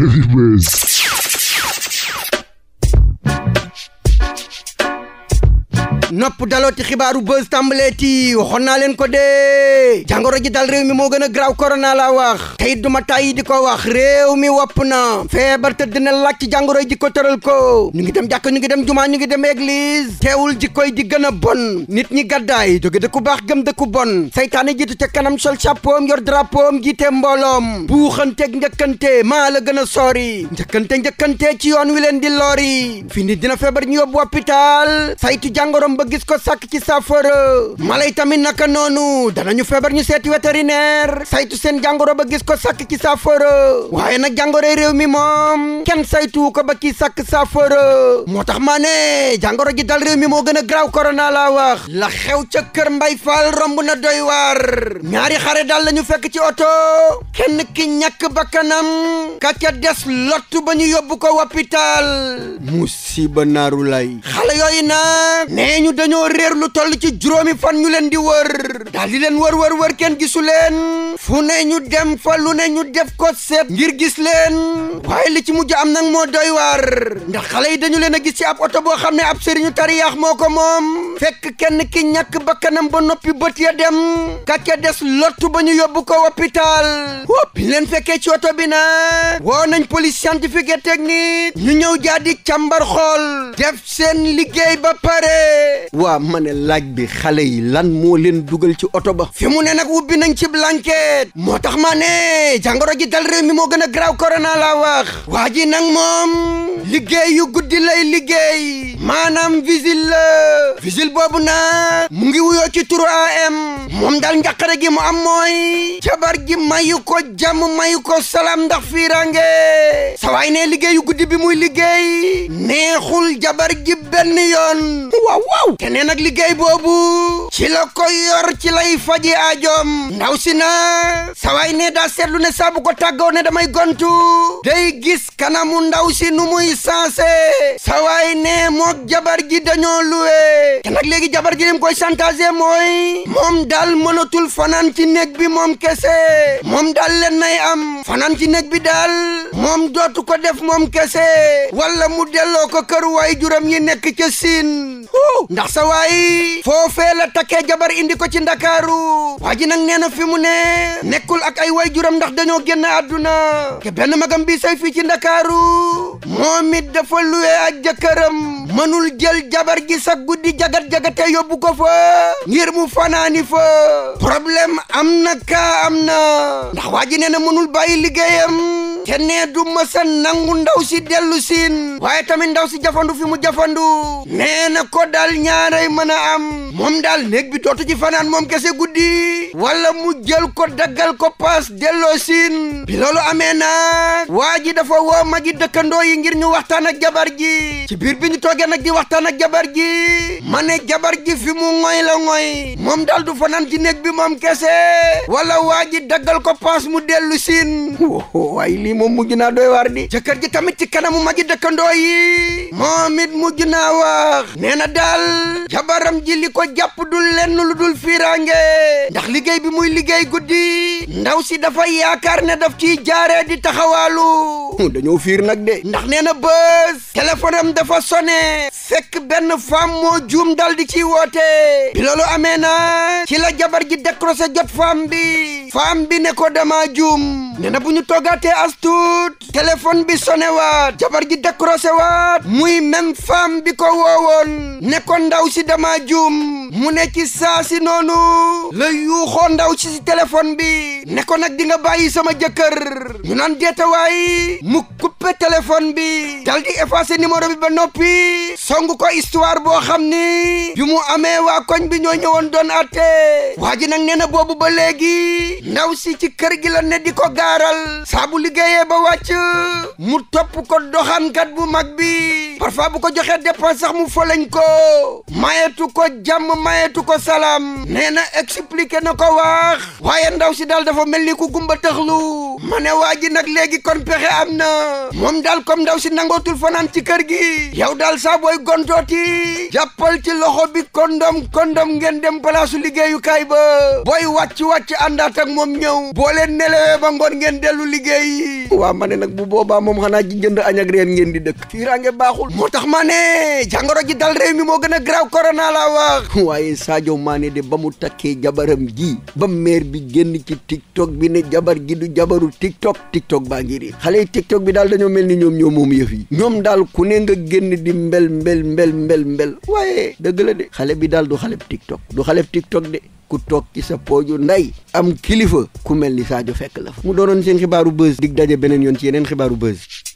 Anyways. nopp daloo ci xibaaru buzz tàmbalee ti waxoon naa leen ko dee jàngoro ji dal réew mi moo gën a graaw korona laa wax tey duma tàyyi di ko wax réew mi wopp na feebar te dina laaj ci jàngoro ji ko ko ñu ngi dem jàkk ñu ngi dem jumaa ñu ngi dem église teewul ji koy di gën a bon nit ñi gàddaay jóge dëkku baax gëm dëkku bon saytaane jiitu ca kanam sol chapeau am yor drapeau am jiite mbooloom buuxanteeg njëkkante maa la gën a soori njëkkante njëkkante ci yoon wi leen di lori fi nit dina feebar ñu yóbbu hôpital saytu jàngoroom ba gis ko sàkk ci saafara mala yi tamit naka noonu ñu feebar ñu seeti vétérinaire saytu seen jàngoro ba gis ko sàkk ci saafara waaye nag jàngoroy réew mi moom kenn saytuwu ko ba kii sàkk saafara moo tax maa ne jàngoro ji dal réew mi moo gën a graaw korona laa wax la xew ca kër Mbay fal romb na doy waar ñaari xare daal la fekk ci oto kenn ki ñàkk bakkanam ka ca des lottu ba ñu yóbbu ko hôpital musiba naaru lay xale yooyu nag nee ñu ñu dañoo réer lu toll ci juróomi fan ñu leen di wër daal di leen wër wër wër kenn gisu leen fu ne ñu dem fa lu ne ñu def ko set ngir gis leen waaye li ci mujj am nag moo doy waar ndax xale yi dañu leen a gis ci ab oto boo xam ne ab ñu tariyaax moo ko moom fekk kenn ki ñàkk bakkanam ba noppi bët ya dem kàcce des lottu ba ñu yóbbu ko hôpital bi leen fekkee ci oto bi nag woo nañ police scientifique et technique ñu ñëw jaadi càmbar xool def seen liggéey ba pare waa ma ne laaj bi xale yi lan moo leen dugal ci oto ba fi mu ne nag wubbi nañ ci blanquette moo tax maa ne jàngoro ji dal réew mi moo gën a graaw corona la wax waa ji nag moom liggéey yu guddi lay liggéey maanaam vigile la vigile boobu na mu ngi wuyoo ci turu am moom daal njàqare gi mu am mooy jabar ji mayu ko jàmm mayu ko salaam ndax fiirange sawaay ne liggéey guddi bi muy liggéey neexul jabar benn yoon waaw waaw te nag liggéey boobu ci la ko yor ci lay faji aajoom si na sawaay ne daa seetlu ne saa bu ko tàggoo ne damay gontu day gis kanamu ndaw si nu muy sansé sawaay ne mook jabar ji dañoo luwee te nag léegi jabar ji lim koy chantage mooy moom daal mënatul fanaan ci néeg bi moom kese moom dal leen am fanaan ci néeg bi daal moom dootu ko def moom kese walla mu delloo ko kër waay juram yi nekk dëkk ca siin ndax sa waay foofee la takkee jabar indi ko ci ndakaaru waa ji nag fi mu ne nekkul ak ay way juram ndax dañoo génn àdduna te benn magam bi say fii ci ndakaaru moom it dafa luwee ak mënul jël jabar gi sa guddi jagat-jagate yóbbu ko fa ngir mu fanaani fa problème am na kaa am na ndax waa ji mënul bàyyi liggéeyam te nee du mësa nangu ndaw si dellu siin waaye tamit ndaw si jafandu fi mu jafandu nee na ko dal ñaaray mën a am moom daal néeg bi dootu ci fanaan moom kese guddi wala mu jël ko daggal ko paas delloo siin bi loolu amee nag waa ji dafa woo magi dëkkandoo yi ngir ñu waxtaan ak jabar ji ci biir bi ñu toogee nag di waxtaan ak jabar ji ma jabar ji fi mu ŋoy la ŋoy moom daal du fanaan ci nekk bi moom kese wala waa ji daggal ko paas mu dellu siin waaye lii moom mujj naa doy waar di jëkkër ji tamit ci kanamu magi dëkkandoo yi moom it mujj naa wax nee na jabaram ji li ko ko jàpp du lenn lu firange ndax liggéey bi muy liggéey guddi ndaw si dafay yaakaar ne daf ciy jaaree di taxawaalu hm, dañoo fiir nag de ndax nee na bës téléphone dafa sonné fekk benn femme moo juum dal di ciy woote bi loolu amee na ci la jabar ji décroché jot faam bi femme bi ne ko dama juum nee na bu ñu toogaatee as tuut bi sone waat jabar ji décroché waat muy même femme bi ko woowoon ne ko ndaw si dama juum mu ne ci saa noonu yuuxoo ndaw ci téléphone bi ne ko nag di nga bàyyi sama jëkkër ñu naan deetawaay mu coupé téléphone bi dal di effacé numéro bi ba noppi song ko histoire boo xam ni bi mu amee waa koñ bi ñoo ñëwoon doon atte waa ji nee na boobu ba léegi ndaw si ci kër gi la ne di ko gaaral saa liggéeyee ba wàcc mu topp ko doxaankat bu mag bi parfois bu ko joxee dépense sax mu folañ ko mayetu ko jàmm mayetu ko salaam nee na expliqué na ko wax waaye ndaw si daal dafa mel ni ku gumba tëxlu ma ne waa ji nag léegi kon pexe am na moom daal comme ndaw si nangootul fanaan ci kër gi yow daal saa booy gontooti jàppal ci loxo bi kondom kondom ngeen dem palaasu liggéeyukaay ba booy wàcc-wàcc àndaat ak moom ñëw boo leen nelewee ba ngoon ngeen dellu liggéey waaw ma ne nag bu boobaa moom xanaa ji jënd añ ak reen ngeen di dëkk fiiraange baaxul moo tax maa ne jàngoro ji dal réew mi moo gën a graaw corona laa wax waaye Sadio Mané de ba mu takkee jabaram ji ba maire bi génn ci TikTok bi ne jabar gi du jabaru TikTok TikTok baa ngi ri xale yi TikTok bi daal dañoo mel ni ñoom ñoo moom yëf yi ñoom daal ku ne nga génn di mbel mbel mbel mbel mbel waaye dëgg la de xale bi daal du xale TikTok du xale TikTok de ku toog ci sa pooju ndey am kilifa ku mel ni Sadio fekk la fa mu doonoon seen xibaaru buzz dig daje beneen yoon ci yeneen xibaaru buzz